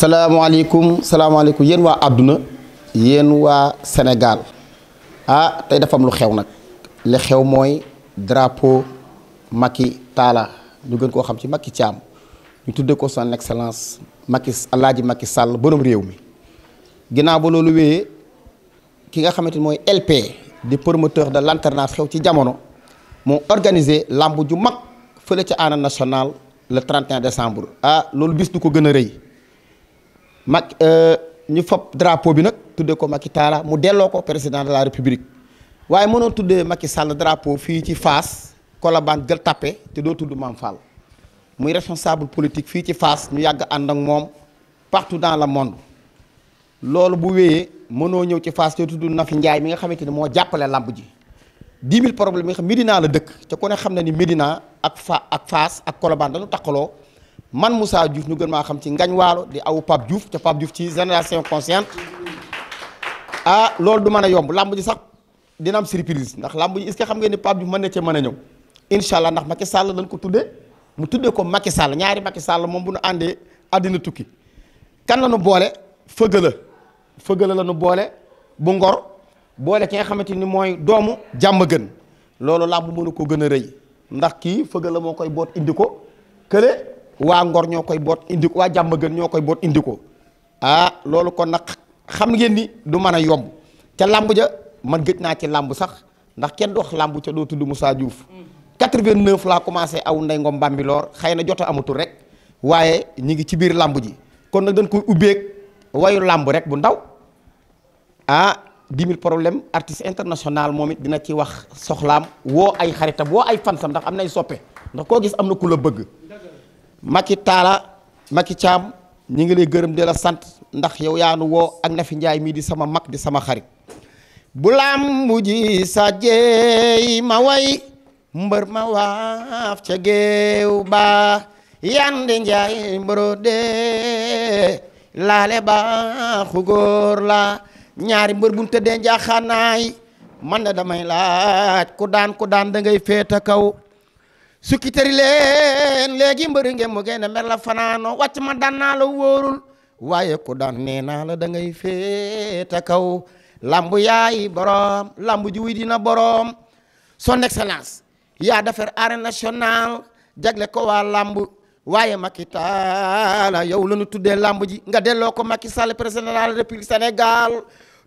salaamaaleykum salaamaaleykum yéen waa àdduna yéen waa Sénégal ah tey defam lu xew nag li xew mooy drapeau Macky Talla ñu gën koo xam ci Macky Thiam ñu tudde ko son excellence Macky Alaaji Macky Sall borom réew mi ginnaaw ba loolu wéyee ki nga xamante ni mooy LP di promoteur de l'internat xew ci jamono moo organisé lamb ju mag fële ci Arène national le 31 décembre ah loolu bis du ko gën a rëy mag euh, ñu fab drapeau bi nag tuddee ko Macky Talla mu delloo ko président de la république waaye mënoo tuddee Macky Sall drapeau fii ci Fass Colobane Gueule Tapée te doo tudd Mame Fall muy responsable politique fii ci Fass ñu yàgg ànd ak moom partout dans le monde loolu bu wéyee mënoo ñëw ci Fass te tudd Nafi Ndiaye mi nga xamante ni moo jàppale làmb ji 10 000 problèmes yi nga xam Médina la dëkk te ku ne xam na ni Médina ak Fa ak Fass ak Colobane dañu takkaloo man Moussa Diouf ñu gën maa xam ci ngañ waalo di aw Pape Diouf te Pape Diouf ci génération consciente ah loolu du mën a yomb làmb ji sax dina am surprise ndax làmb ji est que xam ngeen ni Pape Diouf mën na cee mën a ñëw incha allah ndax Macky Sall lañ ko tuddee mu tuddee ko Macky Sall ñaari Macky Sall moom bu nu àndee àddina tukki kan la nu boole la fëgala la nu boole bu ngor boole ki nga xamante ni mooy doomu jàmm gën loolu làmb mënu ko gën a rëy ndax kii fëgala moo koy boot indi ko waa Ngor ñoo koy boot indi ko waa Jàmmagën ñoo koy boot indi ko ah loolu kon nag xam ngeen ni du mën a yomb ca làmb ja man gëj naa ci làmb sax ndax kenn du wax làmb ca dootu du doo tudd Moussa Diouf 89 laa commencé aw ndey ngom Bambilor xëy na jot a amatul rek waaye ñi ngi ci biir làmb ji kon nag dan koy ubbeeg wayu làmb rek bu ndaw ah 10 problème artiste international moom it dina ci wax soxlaam woo ay xaritam woo ay fansam ndax am nay soppe ndax koo gis am na ku la bëgg Macky Talla Macky Thiam ñi ngi lay gërëm di la sant ndax yow yaanu woo ak Nafi Njaay mii di sama mag di sama xarit bu lam bu sa jeey ma way mbër ma waaf ca géew ba yande njaay mboro de laale ba xugóor la ñaari mbër bu tëddee njaaxaanaay man na damay laaj ku daan ku daan da ngay kaw sukki tëri leen léegi mbëri ngeen mu gën a mer la fanaano wàcc ma daan la wóorul waaye ku daan nee naa la da ngay féete kaw lambu yaayi borom lambu ji wuy dina borom son excellence yaa defar arène nationale jagle ko waa lambu waaye Macky Talla yow la ñu tuddee lambu ji nga delloo ko Macky Sall président de la République Sénégal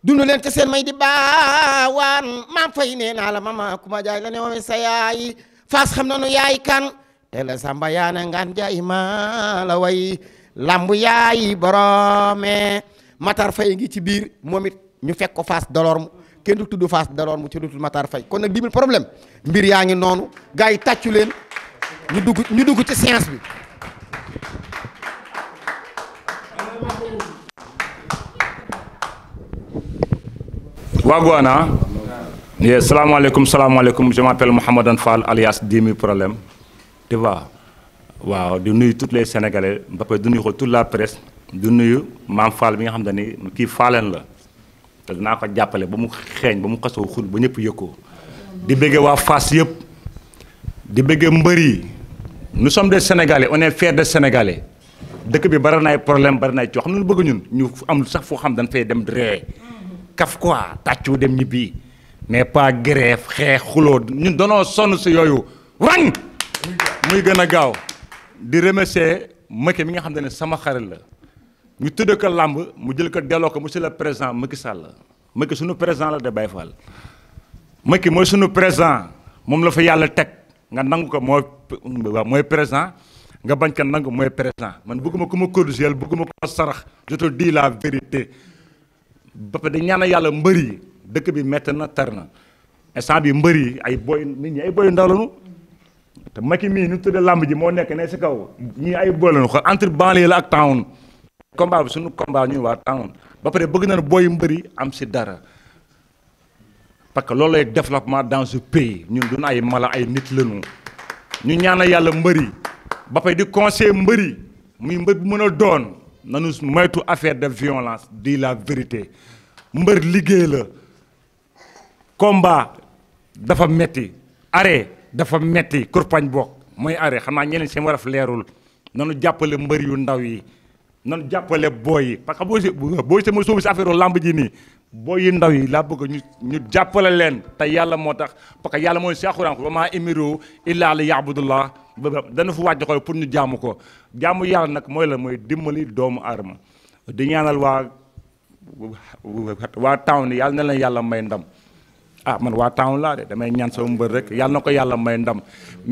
dund leen te di baawaan maam fay nee naa la mama kuma jaay la ne woowee sa yaay. faas xam nanu yaay kan tele samba yaana ngan jaay maa la way lamb yaayi borome matar fay ngi ci biir moom it ñu fekko fas faas dolor mu kenn du tudd fas dolor mu ci dudul matar fay kon nag di problème mbir yaa ngi noonu gars yi tàccu leen ñu dugg ñu dugg ci science bi wagwana Yeah, salam alaikum, salam alaikum. Je m'appelle Mohamed Anfal, alias 10 000 problèmes. Tu waaw di nuyu tout les sénégalais ba pare di nuyu ko toute la presse di nuyu maam Fall bi nga xam ne kii faaleen la te naa ko jàppale ba mu xeeñ ba mu xasoo xul ba ñëpp yëg di bëggee waa Fass yëpp di bëggee mbër nu nous sommes des sénégalais on est des sénégalais dëkk bi bari na ay problème bari na ay coox nu bëgg ñun ñu am sax foo xam dañ fay dem ree kaf quoi dem ñibbi. mais pas grève xeex xuloo ñun danoo sonn si yooyu wang muy gën a gaaw di remercier Macky mi nga xam ne sama xarit la ñu tëdd ko làmb mu jël ko delloo ko monsieur le président Macky Sall Macky suñu président la de Baye Fall Macky mooy sunu président moom la fa yàlla teg nga nangu ko moo mooy président nga bañ ko nangu mooy président man bëgguma ku ma corrigé bëgguma ku ma sarax je te dis la vérité ba pare di ñaanal yàlla mbër yi dëkk bi métti na tar na instant bi mbër yi ay boy nit ñi ay boy ndaw lañu te Macky mii ñu tuddee làmb ji moo nekk ne si kaw ñii ay boy lañu xool entre banlieue la ak town combat suñu combat ñuy ba pare bëgg na ne booy am si dara parce que loolu lay développement dans ce pays ñun mala ay nit lañu ñu ñaanal yàlla mbëri ba pare di conseil mbëri muy mbër bu mën a doon nanu moytu affaire de violence di la vérité mbër liggéey la combat dafa metti arrêt dafa metti kurpañ boog mooy arrêt xam naa ñeneen seen waraf leerul noonu jàppale mbër yu ndaw yi nanu jàppale booy yi parce que boo si boo si ma sóobu si affaire lamb ji nii booy yu ndaw yi laa bëgg ñu ñu jàppale leen te yàlla moo tax parce que yàlla mooy si Alxuraan ko wa maa umiru illaa liya'budullah dana fu wàcc xol pour ñu jàmm ko jàmm yàlla nag mooy la mooy dimbali doomu aadama di ñaanal waa waa town yàlla na leen yàlla may ndam ah man waa town laa de damay ñaan sama mbër rek yàlla na ko yàlla may ndam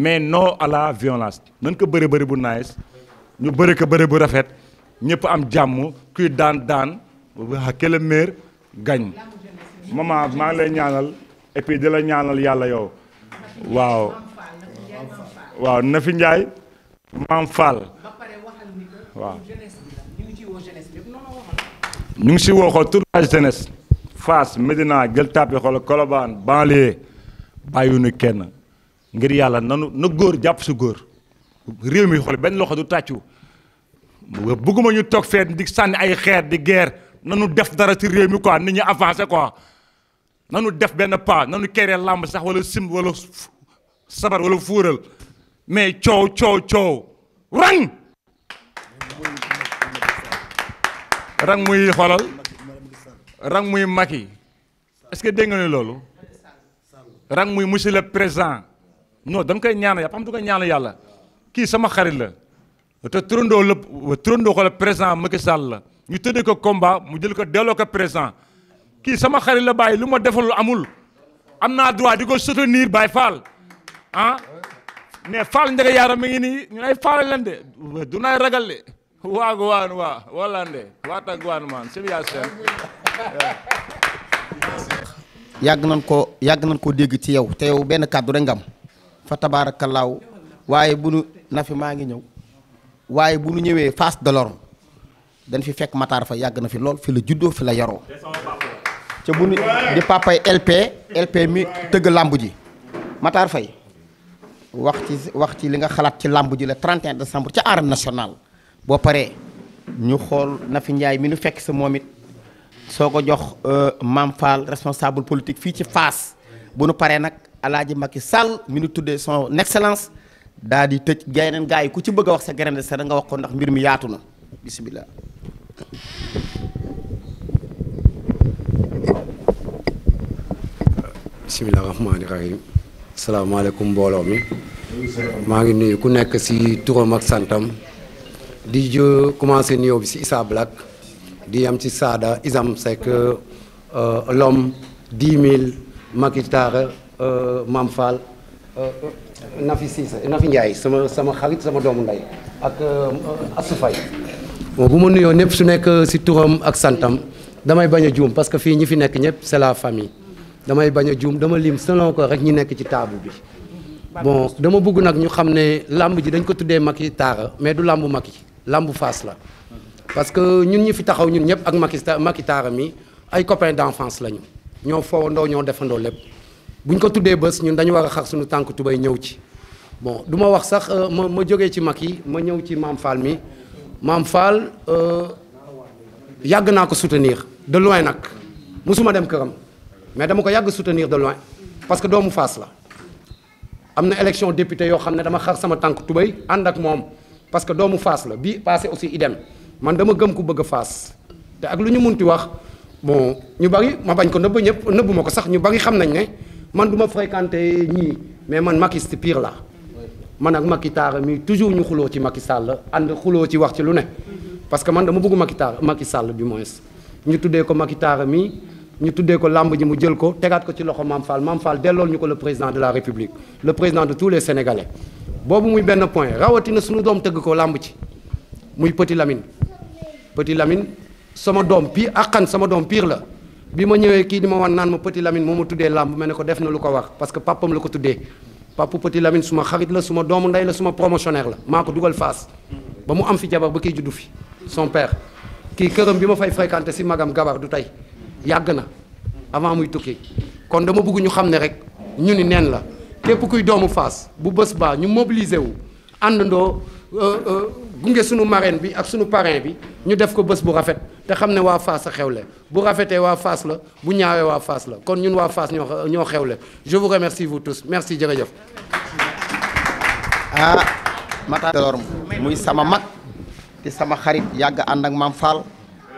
mais non à la violence nañ ko bëri bëri bu nice ñu bëri ko bëri bu rafet ñëpp am jàmm kuy daan daan que le meilleur gagne maman maa ngi lay ñaanal et puis di la ñaanal yàlla yow waaw waaw Nafi Ndiaye maam Fall waaw ñu ngi si woo xool tournage jeunesse Fass Médina Gueule Tapée xoolal Colobane banlieue nu kenn ngir yàlla nanu na góor jàpp su góor réew mi xool benn loxo du tàccu bëgguma ñu toog feet di sànni ay xeer di na nu def dara ci réew mi quoi nit ñi avancé quoi nanu def benn pas nanu keree làmb sax wala sim wala sabar wala fuural mais coow coow coow rang rang muy xoolal rang muy Macky est-ce que dégg nga ne loolu rang muy monsieur le président non dañ koy ñaan yàlla xam du ko yàlla kii sama xarit la te turandoo la turandoo ko la président Macky Sall la ñu tëddee ko combat mu jël ko delloo ko président kii sama xarit la bàyyi lu ma defalul amul am naa droit di ko soutenir Baye Fall ah mais Fall njëkk yaaram mi ngi nii ñu ay Fall de du naay ragal de waagu waan waa walaande waatag waan maan sëñ yàgg nañ ko yàgg nañ koo dégg ci yow te yow benn kàddu rek nga am fa waaye bu nu nafi maa ngi ñëw waaye bu nu ñëwee fas de l'or fi fekk Matar fa yàgg na fi lool fi la juddoo fi la yaroo te bu nu di papay LP LP mi tëgg làmb ji Matar Faye wax ci wax ci li nga xalaat ci làmb ji la 31 décembre ca arène nationale boo paree ñu xool Nafi Njaay mi nu fekk sa moom it soo ko jox euh, Mame Fall responsable politique fii ci Fass bu nu paree nag Alaaji Macky Sall mi nu tuddee son excellence daa di tëj yeneen gars yi ku ci bëgg a wax sa grain de sel nga wax ko ndax mbir mi yaatu na bisimilah. bisimilah rahmaani rahim salaamaaleykum mbooloo mi maa ngi nuyu ku nekk si turam ak santam di commencé nuyoo bi si Issa Black di am ci Saada Isam Seck Lom 10 000 Makitaara Mam Fall euh, euh, Nafi Cissé Nafi Ndiaye sama sama xarit sama doomu ndey ak euh, Assou bu ma nuyoo ñëpp su nekk si turam ak santam damay bañ a juum parce que fii ñi fi nekk ñëpp c'est la famille damay bañ a juum dama lim selon ko rek ñi nekk ci table bi bon dama bëgg nag ñu xam ne làmb ji dañ ko tuddee mag Makitaara mais du mag yi làmbu Fass la parce que ñun ñi fi taxaw ñun ñëpp ak makista makitaara mi ay copains d'enfance lañu ñoo foowandoo ñoo defandoo lépp bu ñu ko tuddee bés ñun dañu war a xar suñu tànk tubay ñëw ci bon du ma wax sax euh, ma ma jógee ci mag yi ma ñëw ci maam Fall mi maam Fall euh, yàgg naa ko soutenir de loin nag mosuma dem këram mais dama ko yàgg soutenir de loin parce que doomu Fass la am na élection député yoo xam ne dama xar sama tànk tubéy ànd ak moom parce que doomu Fass la bi passé aussi idem man dama gëm ku bëgg fas te ak lu ñu munti wax bon ñu bari ma bañ ko nëbb ñëpp nëbbu ko sax ñu bari xam nañ ne man du ma fréquenté ñii mais man makiste pire la man ak Macky Tara mii toujours ñu xuloo ci Macky sàll ànd xuloo ci wax ci lu ne parce que man dama bëgg Macky Tara Macky Sall du moins ñu tuddee ko Macky Tara mi ñu tuddee ko làmb ji mu jël ko tegaat ko ci loxo Mame Fall Mame Fall dellool ñu ko le président de la République le président de tous les Sénégalais boobu muy benn point rawatina suñu doom tëgg ko làmb ci muy Petit Lamine Petit Lamine sama doom pire àqan sama doom pire la bi ma ñëwee kii di ma wan naan ma Petit Lamine moo ma tuddee làmb ma ne ko def na lu ko wax parce que papam la ko tuddee papu Petit Lamine suma xarit la suma doomu ndey la suma promotionnaire la maa ko dugal Fass ba mu am fi jabar ba kiy juddu fi son père kii këram bi ma fay fréquenté si magam gabar du tey yàgg na avant muy tukki kon dama bëgg ñu xam ne rek ñu ni neen la képp kuy doomu Fass bu bés baa ñu wu Euh, euh, gunge suñu marraine bi ak suñu parrain bi ñu def ko bës bu rafet te xam ne waa Fass a xewle bu rafetee waa Fass la bu ñaawee waa Fass la kon ñun waa Fass ñoo ñoo xewle je vous remercie vous merci jërëjëf. ah Matar muy sama mag te sama xarit yàgg ànd ak maam Fall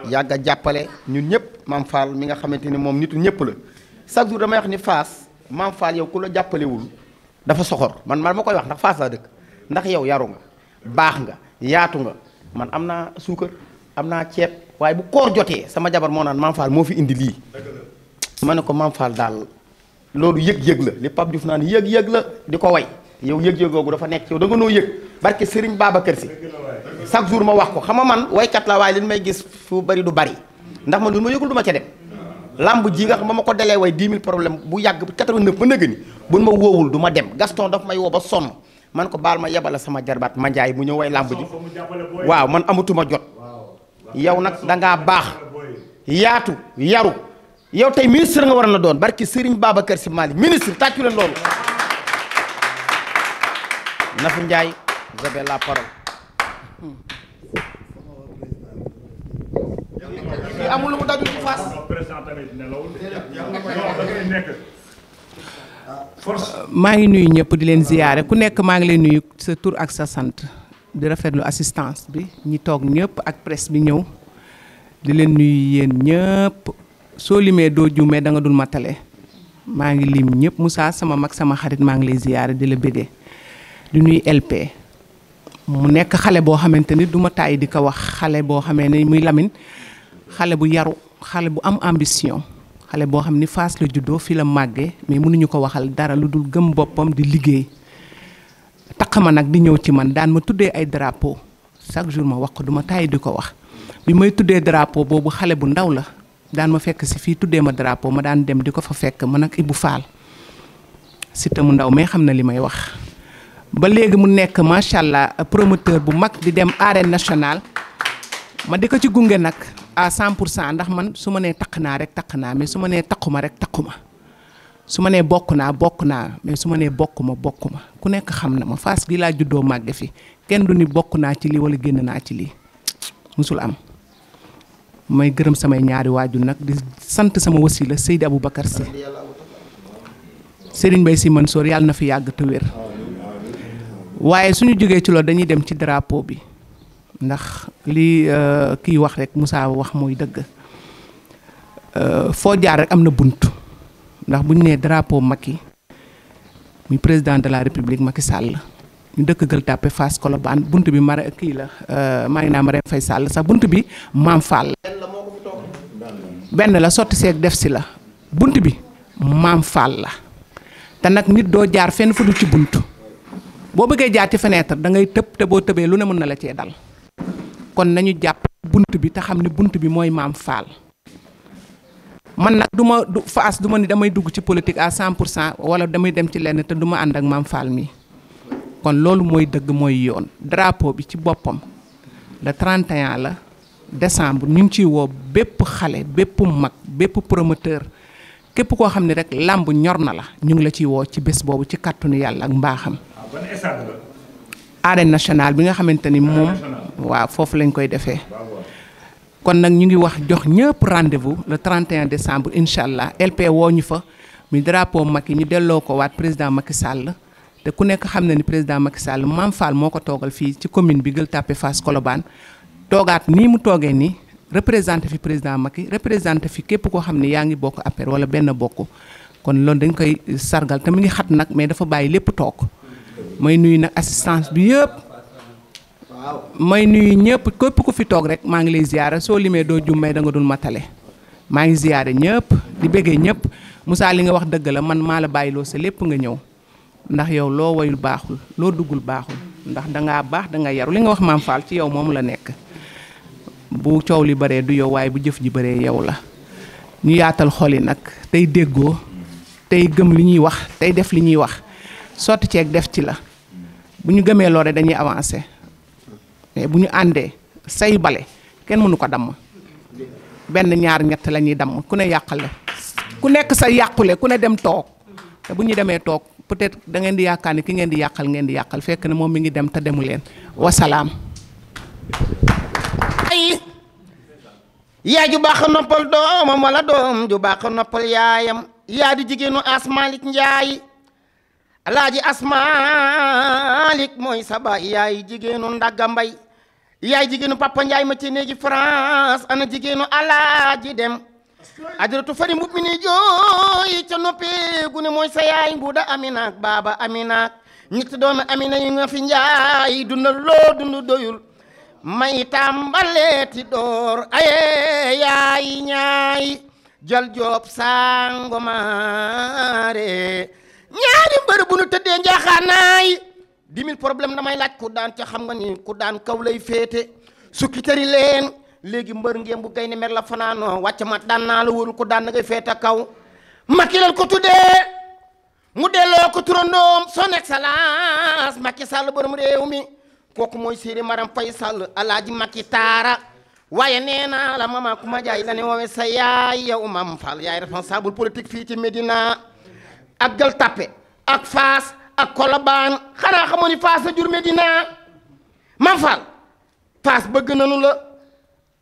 yàgg jàppale ñun ñëpp maam Fall mi nga xamante ni moom nitu ñëpp la chaque jour damay wax ni Fass maam Fall yow ku la jàppalewul dafa soxor man man ma koy wax ndax Fass laa dëkk ndax yow yaru nga. baax nga yaatu nga man am naa suukar am naa ceeb waaye bu koor jotee sama jabar moo naan Mame Fall moo fi indi lii ma ne ko Mame Fall daal loolu yëg-yëg la li Pape Diouf naan yëg-yëg la di ko way yow yëg-yëg googu dafa nekk yow da nga noo yëg barke Serigne Babacar Sy chaque jour ma wax ko xam nga man waykat la waaye li may gis fu bari du bari ndax ma lu ma yëgul du ma ca dem lamb ji nga xam ba ma ko delee way 10 000 bu yàgg 89 ba nëgg ma woowul du dem Gaston daf may woo ba sonn man ko baal ma yebale sama jarbaat manjaay mu ñëw way làmb ji waaw man amatuma jot yow nag dangaa baax yaatu yaru yow tey ministre nga war na doon barki Serigne Babacar Sy Mali ministre tàccu leen loolu Nafi Ndiaye vous la parole maa ngi nuyu ñëpp di leen ziyaare ku nekk maa ngi leen nuyu sa tur ak sa sant di rafetlu assistance bi ñi toog ñëpp ak presse bi ñëw di leen nuyu yéen ñëpp soo limee doo juumee da nga dul matale maa ngi liim ñëpp Moussa sama mag sama xarit maa ngi lay ziyaare di la bëggee di ñuy LP mu nekk xale boo xamante ni du ma tàyyi di ko wax xale boo xamee ne muy lamin xale bu yaru xale bu am ambition xale boo xam ni Fass la juddoo fi la màggee mais mënuñu ko waxal dara lu dul gëm boppam di liggéey taq ma nag di ñëw ci man daan ma tuddee ay drapeau chaque jour ma wax ko du ma tàyyi di ko wax bi may tuddee drapo boobu xale bu ndaw la daan ma fekk si fii tuddee ma drapeau ma daan dem di ko fa fekk man ak Ibou Fall si te mu ndaw mais xam na li may wax. ba léegi mu nekk macha allah promoteur bu mag di dem arène nationale ma di ko ci gunge nag. a cent pour cent ndax man su ma nee takk naa rek taq naa mais su ma nee ma rek ma su ma nee bokk naa bokk naa mais su ma nee ma bokk ma ku nekk xam na ma Fass gi laa juddoo màgge fi kenn du ni bokk naa ci lii wala génn naa ci lii musul am may gërëm samay ñaari waajur nag di sant sama wasila Seydi Aboubacar Sy Serigne si man Mansour yàlla na fi yàgg te wér waaye suñu jógee ci loolu dañuy dem ci drapeau bi ndax lii euh, kiy wax rek musaa wax mooy dëgg euh, foo jaar rek am na bunt ndax bu ñu nee drapeau Macky muy président de la république Macky Sall ñu dëkk Gueule Tapée Fass Colobane bunt bi mara kii la euh, Marina Marème Faye Sall sax bunt bi Maam Fall la sotti seeg def si la bunt bi Maam Fall la te nag nit doo jaar fenn fu ci bunt boo bëggee jaar ci fenêtre da ngay tëb te boo tëbee lu ne mën na la cee dal kon nañu jàpp bunt bi te xam ne bunt bi mooy maam Fall man nag duma ma du faas du ma ni damay dugg ci politique à cent pour cent wala damay dem ci lenn te duma ànd ak maam Fall mi kon loolu mooy dëgg mooy yoon drapeau bi ci boppam trente 31 la décembre ñu ngi ciy woo bépp xale bépp mag bépp promoteur képp koo xam ne rek làmb ñor na la ñu ngi la ciy woo ci bés boobu ci kàttanu yàlla ak mbaaxam. Ah, arène nationale bi nga xamante ni moom. waaw foofu lañ koy defee kon nag ñu ngi wax jox ñëpp rendez-vous le 31 décembre incha allah LP woo ñu fa muy drapeau yi ñu delloo ko waat président Macky Sall te ku nekk xam na ni président Macky Sall Mame Fall moo ko toogal fii ci commune bi gël Tapée Fass Colobane toogaat nii mu toogee nii représente fi président Macky représenté fi képp koo xam ne yaa ngi bokk APR wala benn bokk kon loolu dañ koy sargal te mu ngi xat nag mais dafa bàyyi lépp toog mooy nuyu nag assistance bi yëpp. may nuyu ñëpp képp ku fi toog rek maa ngi lay ziyaara soo limee doo jummee da nga dul matale maa ngi ziyaare ñëpp di bëggee ñëpp Moussa li nga wax dëgg la man maa la bàyyiloo sa lépp nga ñëw ndax yow loo wayul baaxul loo duggul baaxul ndax dangaa baax danga yaru li nga wax maam Fall ci yow moomu la nekk bu coow li baree du yow waaye bu jëf ji bëree yow la ñu yaatal xol yi nag tey déggoo tey gëm li ñuy wax tey def li ñuy wax sotti ceeg def ci la bu ñu gëmee loore dañuy avancer Eh, bu ñu àndee say bale kenn mënu ko damm benn ñaar ñett la ñuy damm ku ne yàqale ku nekk sa yàqule ku ne dem toog te bu ñu demee toog peut-être da di yaakaar ni ki ngeen di yàqal ngeen di yàqal fekk ne moom mi ngi dem te demu leen wasalaam. ay yaa ju baax noppal doomam wala doom ju baax noppal yaayam yaa di jigéenu asmaalik njaay alaaji asmaalik mooy sa baay yaay jigéenu ndagga mbay yaay jigéenu papa Njaay ma ci néegi France ana jigéenu alaaji dem ajaratu fari mbub mi jooy ca noppi gu ne sa yaay mbuuda aminaak baaba aminaak ñetti doomi amina yu nga fi njaay dundal loo dund doyul may tàmbaleeti door aye yaay ñaay jal joob sangomaare ñaari mbër bu nu tëddee njaaxaanaay dix mille problème damay laaj ku daan xam nga ni ku daan kaw lay féete sukki tëri leen léegi mbër ngéem bu gaynde mer la fanaanoo wàcc mat daan naa la wóorul ku daan na ngay kaw makki lañ ko tuddee mu delloo ko turandoom son excellence Macky Sall borom réew mi kooku mooy Siri Maram Faye Sall alaaji Macky taara waaye nee naa la mama ku ma jaay la ne sa yaay yow Mam Fall yaay responsable politique fii ci Médina ak Gueule Tapée ak Fass ak kolobaan xanaa xamoo ni Fass a jur Medina ma fal Fass bëgg nanu la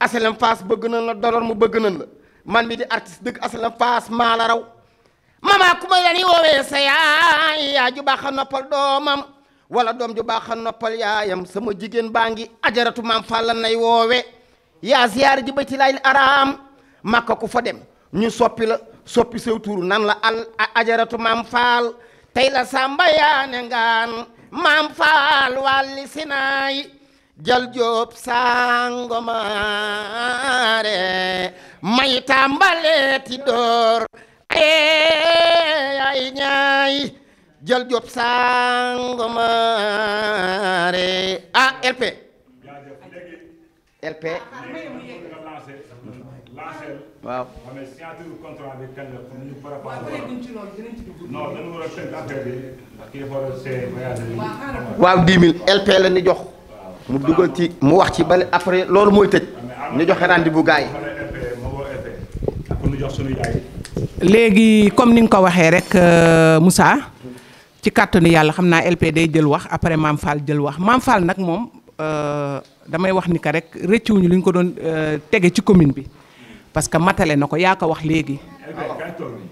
asalam Fass bëgg nanu la dolor mu bëgg nanu la man mi di artiste dëgg asalam Fass maa la raw mama ku ma lani woowee sa yaay yaa a noppal doomam wala doom ju baax a noppal yaayam sama jigéen baa ngi ajaratu maam fàlla nay woowe yaa ziyaar ji bëti araam màkka ku fa dem ñu soppi la soppi sew nan la al ajaratu maam faal tey la sàmba yaane ngaan maam faal wàlli sinaay jal jóob sangomaare may tàmbaleeti door ay ñaay jal jóob sangomaare a LP waaw mais signature contrat bi kañ la jox. mu dugal ci mu wax ci bale après loolu mooy tëj. Ah, ñu joxe rendez-vous gars yi. léegi comme ni nga ko waxee rek euh, Moussa ci kàttanu yàlla xam naa LP day jël wax après Maam Fall jël wax Maam Fall nag moom euh, damay wax ni que rek rëccuwuñu li ñu ko doon euh, tege ci commune bi. parce que matale na ko yaa ko wax léegi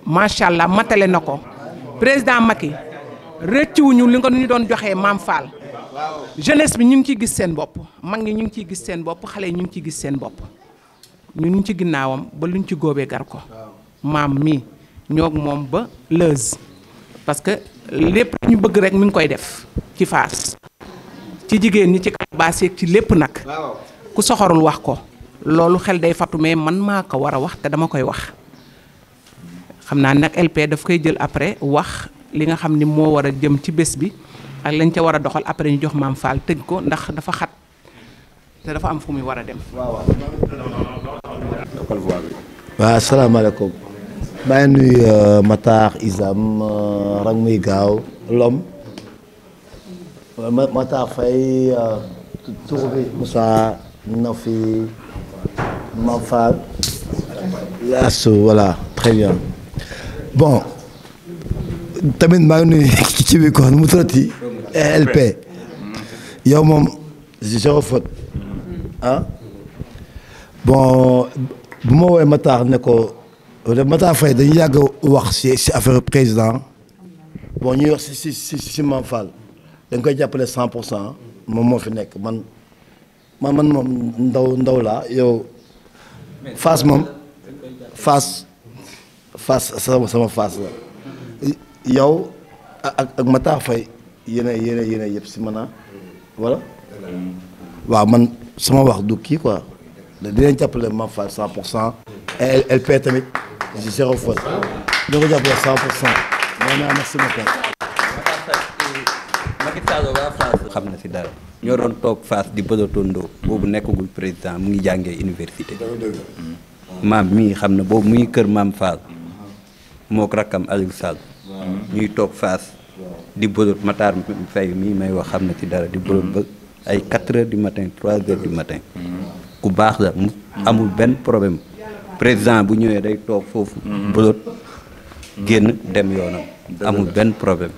macha allah matale na ko président Macky rëccuwuñu li nga ñu doon joxee maam Fall jeunesse bi ñu ngi ciy gis seen bopp mag ñi ñu ngi ciy gis seen bopp xale yi ñu ngi ci gis seen bopp ñun ñu ci ginnaawam ba luñ ci góobee gar ko maam mi ñoog moom ba lëz parce que lépp ñu bëgg rek mi ngi koy def ci faas ci jigéen ñi ci kaw ci lépp nag ku soxorul wax ko loolu xel day fàttu mais man maa ko war a wax te dama koy wax xam naa nag LP daf koy jël après wax li nga xam ni moo war a jëm ci bés bi ak lañ ca war a doxal après ñu jox maam Fall tëj ko ndax dafa xat te dafa am fu muy war a dem. waaw waaw. asalaamaaleykum. maa ngi nuyu euh, Matar Isam euh, muy gaaw Lom Matar Faye euh, Touré Moussa Nafi. Manfal. Yassou voilà très bien. bon tamit maa ngi nuyu ci bi quoi nu mu tuddati. LP. yow moom zéro faute bon bu ma woowee Matar ne ko Matar Faye dañu yàgg wax si si affaire président bon ñuy wax si si si dañ koy jàppale 100 pour cent moom moo fi nekk man. ma man moom ndaw ndaw laa yow Fass moom Fass Fass sama sama Fass la yow ak ak Matar Faye yéen a yéen a yéen a yëpp si ah. waaw man sama wax du kii quoi dinañ jàppale ma Fass cent pour cent LP tamit zéro faute dina ko cent pour cent moo naa merci beaucoup xam na fi dara ñoo doon toog face di pësatondo boobu nekkagul président mu ngi jàngee université maam mii xam na boobu muy kër maam Fall mook rakkam Aliou Sall ñuy toog face di bëlot Matar Faye mii may wax xam na ci dara di bëlot ba ay 4 heures du matin 3 heures du matin ku baax la mu amul benn problème président bu ñëwee day toog foofu bëlot génn dem yoonam. amul benn problème.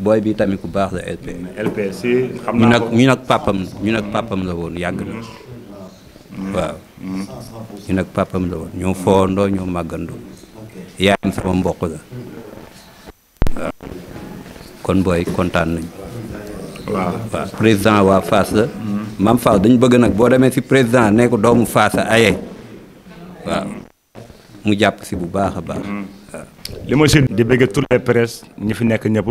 booy bi tamit ku baax la LP. Mm, LP si xam naa ko ñu nag papam ñu nag papam la woon yàgg na. Mm, waaw mm. ñu nag papam la woon ñoo foondoo ñoo màggandoo. yaayam sama mbokk la. waaw kon booy kontaan nañu. waaw waaw président waa Fass la. maam Fass dañu bëgg nag boo demee si président ne ko doomu Fass aye waaw mu jàpp si bu baax a baax. li ma si di bëgg toutes les presse ñi fi nekk ñëpp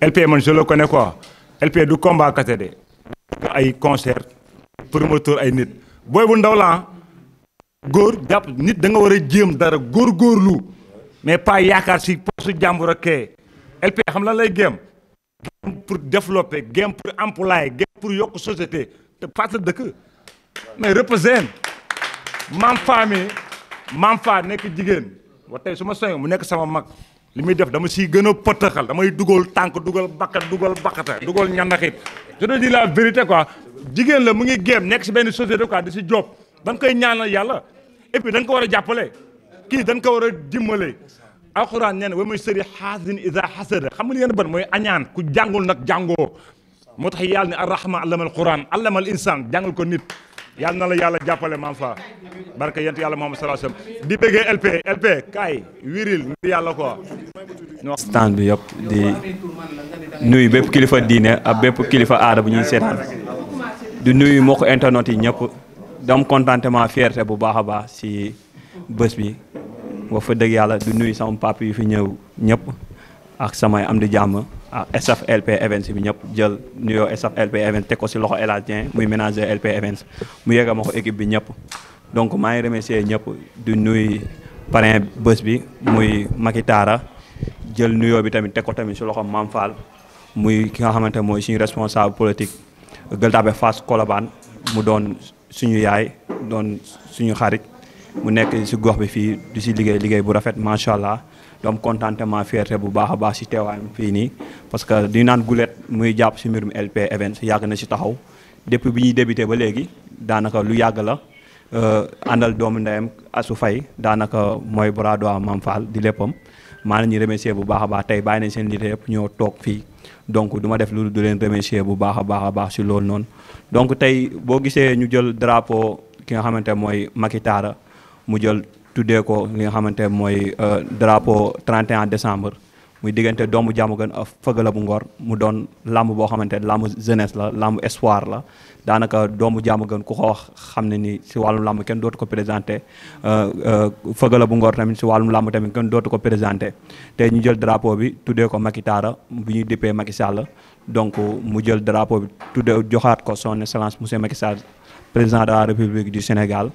LP man je le connais quoi LP du combat kate de ay concert promoteur ay nit booy bu ndaw la góor jàpp nit danga nga war jéem dara góor-góorlu mais pas yaakaar si poste jàmbur ak kee LP xam la lay géem pour développer géem pour employer géem pour yokk société te fàttali dëkk mais représente maam faa mi faa nekk jigéen ba tey su ma soño mu nekk sama mag li muy def dama siy gën a pëtëxal damay dugal tànk dugal bakkat dugal bakkata dugal ñandaxit je te dis la vérité quoi jigéen la mu ngi géem nekk si benn société quoi di si job dañ koy ñaanal yàlla et puis dañ ko war a jàppale kii dañ ko war a dimbale alxuraan nee na wa muy sëri xaasin isa xasada xam nga li ngeen ban mooy añaan ku jàngul nag jàngoo moo tax yàlla ne arrahma allamal quran allamal insan jàngal ko nit yàlla na la yàlla jàppale maam fa barke yent yàlla moom sallallahu alayhi wasallam di bëggee LP LP kaay wiril ngir yàlla ko waxtaan bi yëpp di nuyu bépp kilifa diine ak bépp kilifa aada bu ñuy seetaan di nuyu moo ko internet yi ñëpp dam contentement fierté bu baax a baax si bés bi wax fa dëgg yàlla di nuyu sama papa yu fi ñëw ñëpp ak samay am di jàmm staff LP Events bi ñëpp jël nuyoo staff LP Events teg ko si loxo El Hadj Dieng muy manager LP Events mu yegg ma ko équipe bi ñëpp donc maa ngi remercier ñëpp di nuy parrain bés bi muy Makitara jël nuyoo bi tamit teg ko tamit si loxo Mam Fall muy ki nga xamante mooy suñu responsable politique Gueule Tapée Fass Colobane mu doon suñu yaay doon suñu xarit mu nekk si gox bi fii du si liggéey liggéey bu rafet macha allah. doom contentement fierté bu baax a baax si teewaayam fii nii parce que di naan gulet muy jàpp si mbirum LP events yàgg na si taxaw depuis bi ñuy débuté ba léegi daanaka lu yàgg la euh, àndal doomu ndeyam asu fay daanaka mooy bras droit Mame Fall di léppam maa leen ñu remercier bu baax a baax tey bàyyi nañ seen liggéey yëpp ñoo toog fii donc du def loolu du leen remercier bu baax a baax a baax si loolu noonu donc tey boo gisee ñu jël drapeau ki nga xamante mooy Maky mu jël tuddee ko li nga xamante ne mooy euh, drapeau 31 décembre muy diggante doomu Diamaguène euh, ak Feugeula bu Ngor mu doon làmb boo xamante ne làmb jeunesse la làmb espoir la daanaka doomu jàmm gën ku ko wax xam ne ni si wàllum làmb kenn dootu ko présenté Feugeula bu Ngor tamit si wàllum làmb tamit kenn dootu ko présenté te ñu jël drapeau bi tuddee ko Macky Tara bu ñuy dippee Macky la donc mu jël drapeau bi tuddee joxaat ko son excellence monsieur Macky Sall président de la République du Sénégal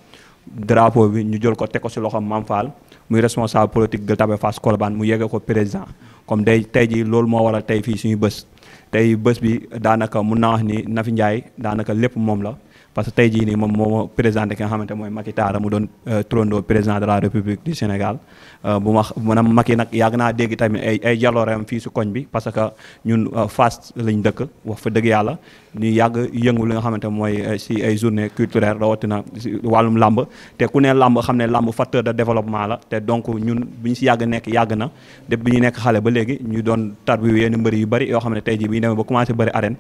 drapeau bi ñu jël ko teg ko si loxo Mame Fall muy responsable politique Gueule Tapée Fass Colobane mu yegge ko président comme day tey jii loolu moo waral tey fii suñu bës tey bés bi daanaka mun naa wax ni Nafi Ndiaye daanaka lépp moom la parce que tey jii nii moom moo présenté ki nga xamante mooy Macky Talla mu doon euh, trondo président de la république du Sénégal euh, bu ma maanaam Macky nag yàgg naa dégg tamit ay ay jalooreem fii su koñ bi parce que ñun euh, Fass lañ dëkk wax fa dëgg yàlla ñu yàgg te ku ne làmb xam ne làmb facteur de développement la te donc ñun bi ñu si yàgg nekk yàgg na def bi ñu nekk xale ba léegi ñu doon tarbi yenn mbër yu bari yoo xam ne tey jii bi ñu demee ba commencé bëri arène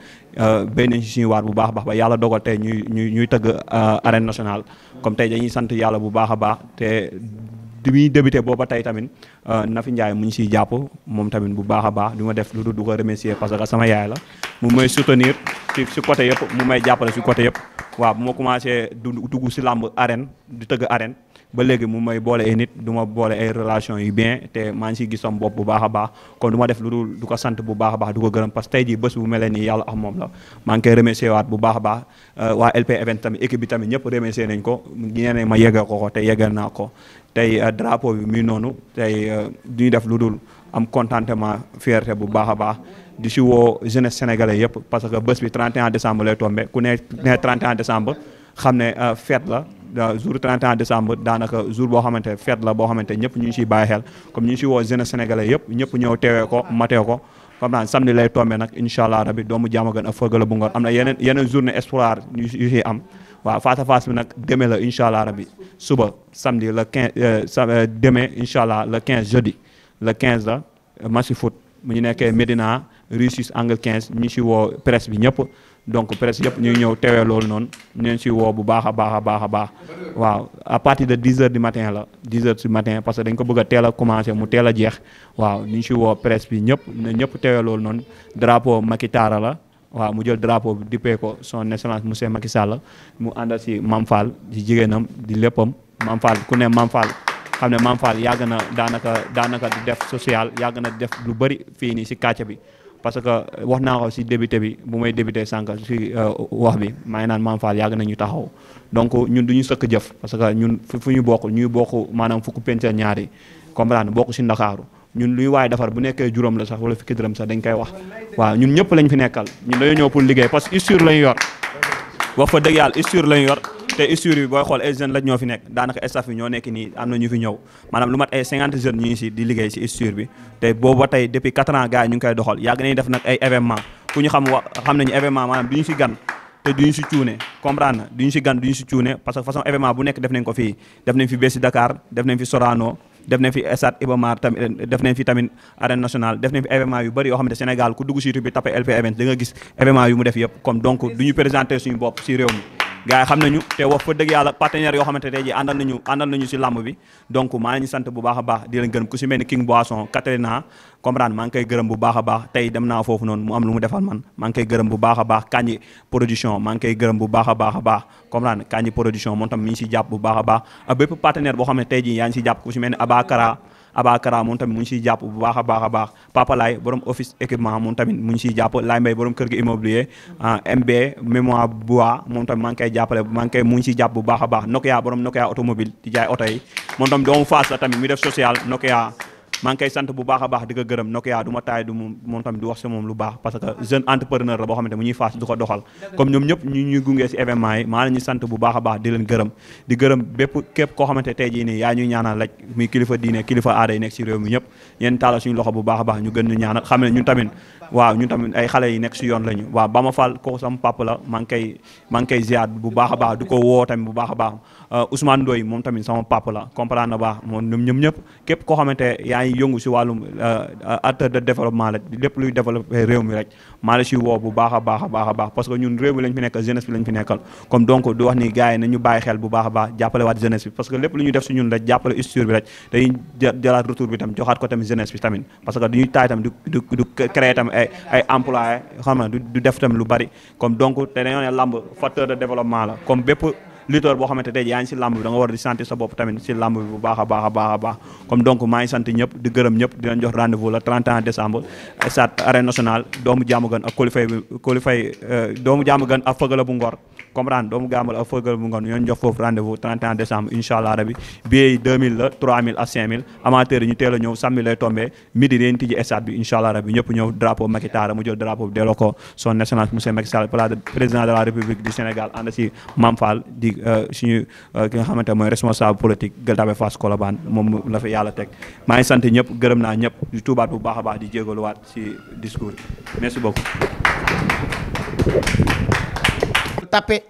béy nañ si suñu waar bu baax baax ba yàlla dogal tey ñuy ñuy ñuy tëgg euh, arène nationale comme tey dañuy sant yàlla bu baax a baax te di muy débuté booba tey tamit euh, Nafi Ndiaye mu ngi siy jàpp moom tamit bu baax a baax du ma def lu dul du ko remercier parce que sama yaay la mu may soutenir ci si côté yëpp mu may jàppale si côté yëpp waaw bu ma commencé dugg si làmb arène di tëgg arène ba léegi mu may boole ay nit duma boole ay relation yu bien te maa ngi siy gis sama bopp bu baax a baax kon duma def lu dul du ko sant bu baax a baax du ko gërëm parce que tey jii bés bu mel nii yàlla ak moom la maa ngi koy remercier waat bu baax a baax euh, waa LP event tamit équipe bi tamit ñëpp remercier nañ ko ñeneen ma yegal ko ko te yegal naa ko tey euh, drapeau bi muy noonu tey euh, du ñu def lu dul am contentement fierté bu baax a baax di si woo jeunesse sénégalais yëpp parce que bés bi 31 décembre lay tombé ku ne ne 31 décembre xam ne fête la jour 31 décembre daanaka jour boo xamante fête la boo xamante ñëpp ñu ngi siy bàyyi xel comme ñu ngi si woo jeunesse sénégalais yëpp ñëpp ñëw teewee ko matee ko comme naan samedi lay tombé nag incha allah rabi doomu jaama gën a fëgala bu ngoon am na yeneen yeneen journée espoir yu si am waaw face à face bi nag demee la incha allah rabi suba samedi le 15 euh, euh, demee incha allah le 15 jeudi le 15 la match foot mu ñu nekkee Médina rue 6 angle 15 ñu si woo presse bi ñëpp donc presque yëpp ñuy ñëw tewee loolu noonu ñu leen siy woo bu baax a baax a baax a baax waaw à de dix heures du matin la 10 heures du matin parce que dañ ko bëgg a teel mu teel a jeex waaw ñu ngi siy woo presse bi ñëpp ne ñëpp tewee loolu noonu drapeau Macky la waaw mu jël drapeau bi dippee ko son excellence monsieur Macky Sall mu ànd si Mame Fall di jigéenam di léppam Mame Fall ku ne Mame xam ne Mame yàgg na daanaka daanaka di def social yàgg na def lu bëri fii nii si kàcce bi parce que wax naa ko si débuté bi bu may débuté sànq si euh, wax bi maa ngi naan Mame Fall yàgg nañu taxaw donc ñun du ñu sëkk jëf parce que ñun fu ñu bokk ñuy bokk maanaam fukk pencer ñaari comprendre bokk si Ndakaaru ñun luy waaye defar bu nekkee juróom la sax wala fukki dërëm sax dañ koy wax waaw ñun ñëpp lañ fi nekkal ñun dañoo ñëw pour liggéey parce que usture lañ yor wax fa dëgg yàlla usture lañ yor te structure bi booy xool ay jeunes la ñoo fi nekk daanaka staff bi ñoo nekk nii am na ñu fi ñëw maanaam lu mat ay cinquante jeunes ñu ngi si di liggéey si structure bi te boobu ba depuis quatre ans gars yi ñu ngi koy doxal yàgg nañu def nag ay ñu xam wa xam duñu si gan duñu si cuune parce que façon bu nekk def nañ ko fii def nañ fi Bercy Dakar def nañ fi Sorano def nañ fi stade Iba tamit def nañ fi tamit arène nationale def nañ fi événement yu bëri yoo xam ne Sénégal ku dugg si YouTube bi tapé LP event da nga gis événement yu mu def yëpp comme donc duñu bopp si réew mi gars yi xam ñu te wax fa dëgg yàlla partenaire yoo xamante tey ji àndal nañu àndal si làmb bi donc maa ngi sant bu baax a baax di leen gërëm ku si mel ni King Boisson Katrina comprendre maa ngi koy gërëm bu baax a baax tey dem naa foofu noonu mu am lu mu defal man maa gërëm bu baax a baax Kanji production maa ngi koy gërëm bu baax a baax a baax comprendre Kanji production moom tam mi ngi si jàpp bu baax a baax ak bépp partenaire boo xam ne tey ji yaa ngi si jàpp ku si Abakara Abakara moom tamit mu ngi siy jàpp bu baax a baax a baax Papa borom office équipement moom tamit mu ngi siy jàpp borom kër gi immobilier ah, MB mémoire bois moom tamit maa ngi koy jàppale maa ngi koy mu bu baax a baax Nokia borom Nokia automobile di jaay oto yi moom tamit doomu Faas la tamit mu def maa kay sant bu baax a baax di ko gërëm Nokia du ma taay du moom tamit di wax si moom lu baax parce que jeune entrepreneur la boo xamante mu ñuy faas du ko doxal comme ñoom ñëpp ñu ñuy gungee si ñu bu baax a leen gërëm di gërëm bépp képp koo xamante tey jii nii yaa ñuy ñaanal laj muy kilifa diine kilifa aada yi nekk si ñëpp yéen taala suñu loxo bu baax a baax ñu gën ñu ñaanal xam ne ñun tamit waaw ñun tamit ay xale yi nekk si yoon lañu waa ba ma fal ko sam papa la maa ngi koy maa ngi koy ziar bu baax a baax di ko woo tamit bu baax a baax Euh, Ousmane Ndoye moom tamit sama papa la comprendre na baax moom ñoom ñëpp képp koo xamante yaa ngi yëngu si wàllum euh, euh, acteur de développement la lépp luy développé réew mi rek maa la si woo bu baax a baax baax a baax parce que ñun réew mi lañ fi nekkal jeunesse bi lañ fi nekkal comme donc di wax ni gars nañu bàyyi xel bu baax a baax jàppale waat jeunesse bi parce que lépp lu ñu def si ñun rek jàppale structure bi rek dañuy jëlaat retour bi tam joxaat ko tamit jeunesse bi tamit parce que duñuy taay tamit du du créer tamit lu bari comme donc te lamb facteur de la comme bépp lutteur boo xamante tey yaa ngi si làmb bi da nga war di sentir sa bopp tamit si làmb bi bu baax a baax a baax a comme donc maa ngi sant ñëpp di gërëm ñëpp dinañ jox rendez-vous le 31 décembre stade arène nationale doomu jaamu gën ak qualifié bi qualifié doomu jaamu gën ak fëgala bu ngor comprendre doomu gàmbal ak fëgal bu ngoon ñoo jox foofu rendez-vous 31 décembre incha allah rabi billets yi 2000 la 3000 ak 5000 amateurs yi ñu teel a ñëw samedi lay tombé midi dañuy tijji stade bi incha allah rabi ñëw drapeau Macky mu jël drapeau bi delloo son excellence monsieur Macky président de la république du Sénégal ànd si Mame di euh, suñu euh, ki nga xamante mooy responsable politique Gueule Tapée Fass moom la yàlla a baax tappe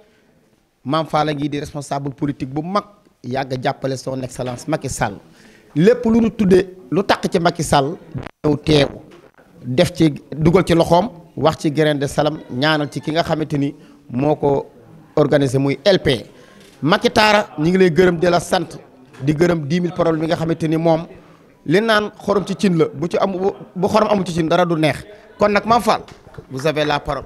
Mame Falla ngi di responsable politique bu mag yàgg a jàppale son excellence Macky sal lépp lu nu tuddee lu takk ci Macky Sall ñëw teew def ci dugal ci loxoom wax ci grain de salam ñaanal ci ki nga xamante ni moo ko organisé muy LP Macky Tara ñu ngi lay gërëm di la sant di gërëm 10 000 paroles bi nga xamante ni moom li naan xorom ci cin la bu ci am bu xorom amul ci cin dara du neex kon nag Mame Fall vous la parole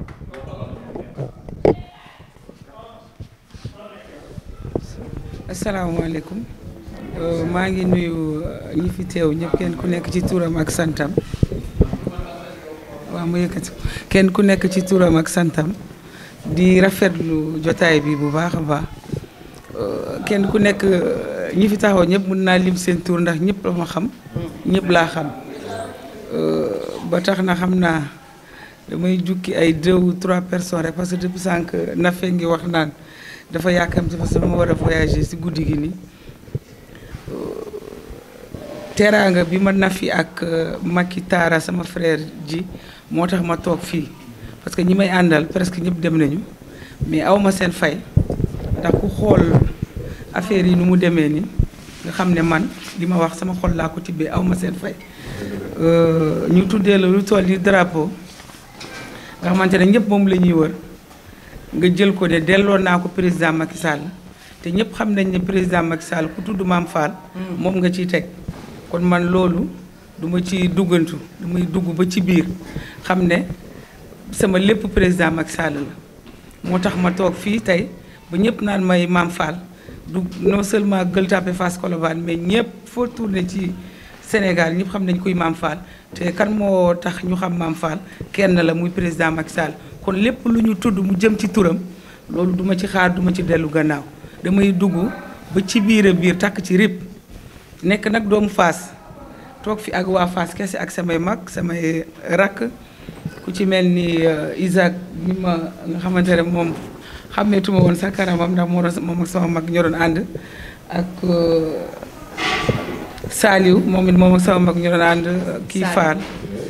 asalaamaaleykum euh, maa ngi nuyu euh, ñi fi teew ñëpp kenn ku nekk ci tuuram ak santam waaw ma yëkkati kenn ku nekk ci tuuram ak santam di rafetlu jotaay bi bu baax a baax euh, kenn ku nekk ñi fi taxaw ñëpp mun naa lim seen tuur ndax ñëpp la ma xam ñëpp laa xam ba tax na xam naa. damay jukki ay deux ou trois personnes rek parce que depuis sànq nafe ngi wax naan dafa yàkkamti parce que dama war a voyager si guddi gi nii teraanga bi ma nafi ak euh, Maki Tara sama frair ji moo tax ma toog fii parce que ñi may àndal presque ñëpp dem nañu mais awma seen fay ndax ku xool affaire yi nu mu demee ni nga xam ne man li ma wax sama xol laa ko tibbee awma seen fay euh, ñu tuddee la lu toll ni drapeau nga xamante na ñëpp moom la ñuy wër nga jël ko de delloo naa ko président Macky Sall te ñëpp xam nañ ne président Macky Sall ku tudd Maam Fall. Mm. moom nga ciy teg kon man loolu duma ma ci duggantu du dugg ba ci biir xam ne sama lépp président Macky Sall la moo tax ma toog fii tey ba ñëpp naan may Maam Fall du non seulement Gueule Tapée fas Colobane mais ñëpp foo tourné ci Sénégal ñëpp xam nañ kuy Maam Fall te kan moo tax ñu xam Mame Fall kenn la muy président Macky Sall kon lépp lu ñu tudd mu jëm ci turam loolu duma ci xaar duma ci dellu gannaaw damay dugg ba ci biir biir takk ci rib nekk nag doomu Fass toog fi ak waa Fass kese ak samay mag samay rakk ku ci mel ni euh, Isaac mi ma nga xamante ne moom xàmmeetuma woon sa karamam ndax moo doon moom ak sama mag ñoo doon ànd ak euh, Saliou moom it moom ak sama mag ñu doon ànd uh, kii Fall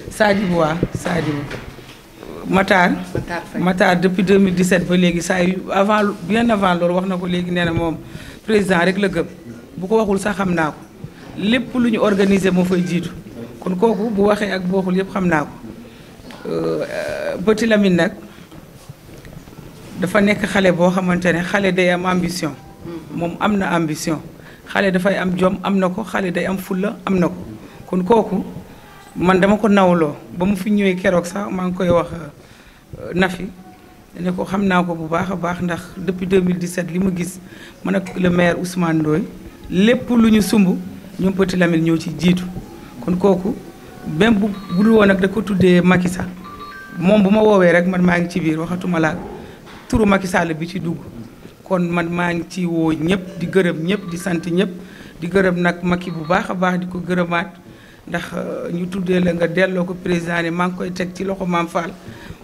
Sadibou waa Sadibou Matar Matar depuis 2017 ba léegi saa avant bien avant loolu wax na ko léegi nee na moom président rek la gëm bu ko waxul sax xam naa ko lépp lu ñu organiser moo fay jiitu kon kooku bu waxee ak bu yépp xam naa ko euh, euh, Petit Lamine nag dafa nekk xale boo xamante ne xale day am ambition mm-hmm. moom am na ambition xale dafay am jom am na ko xale day am fulla am na ko kon kooku man dama ko nawloo ba mu fi ñëwee keroog sax maa ngi koy wax euh, Nafi ne ko xam naa ko bu baax a baax ndax depuis 2017 li ma gis man ak le maire Ousmane Ndoye lépp lu ñu sumb ñoom Petit Lamine ñëw ci jiitu kon kooku même bu budul woon nag da ko tuddee Macky Sall moom bu ma woowee rek man maa ngi ci biir waxatuma laa turu Macky Sall bi ci dugg kon man maa ngi ci woo ñëpp di gërëm ñëpp di sant ñëpp di gërëm nag Macky bu baax a baax di ko gërëmaat ndax euh, ñu tuddee la nga delloo ko président ne maa ngi koy teg ci loxo Mame Fall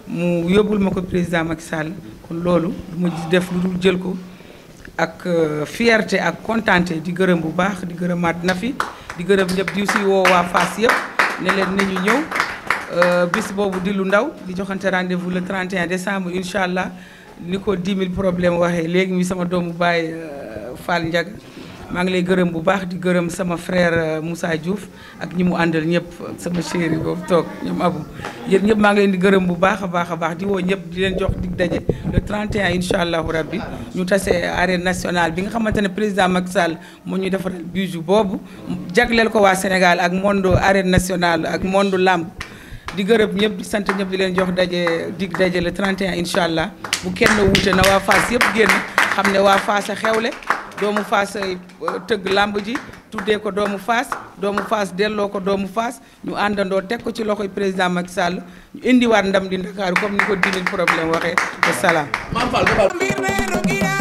mu yóbbul ma ko président Macky Sall kon loolu du ma def lu dul jël ko ak euh, fierté ak contenté di gërëm bu baax di gërëmaat na fi di gërëm ñëpp di si woowaa waa Fass yëpp ne leen nañu ñëw euh, bis boobu di lu ndaw di joxante rendez-vous le 31 décembre incha allah. ni ko 10 000 problème waxee léegi mi sama doomu baay euh, Fall njag maa ngi lay gërëm bu baax di gërëm sama frère euh, Moussa Diouf ak ñi mu àndal ñëpp sama chéri boobu toog ñoom ñëpp maa ngi leen di gërëm bu baax a baax a baax di ñëpp di leen jox dig daje le 31 incha allahu rabbi ñu tase arène nationale bi nga xamante ne président Macky Sall moo ñu defaral bijou boobu jagleel ko waa Sénégal ak monde arène national ak monde lamb di gërëm ñëpp sant ñëpp di leen jox daje dig daje le 31 incha allah bu kenn wuute na waa Fass yëpp génn xam ne waa Fass a xewle doomu Fass ay euh, tëgg làmb ji tuddee ko doomu Fass doomu Fass delloo ko doomu Fass ñu àndandoo teg ko ci loxoy président mag Sall ñu indiwaat ndam di Ndakaaru comme ni ko dinin problème waxee wa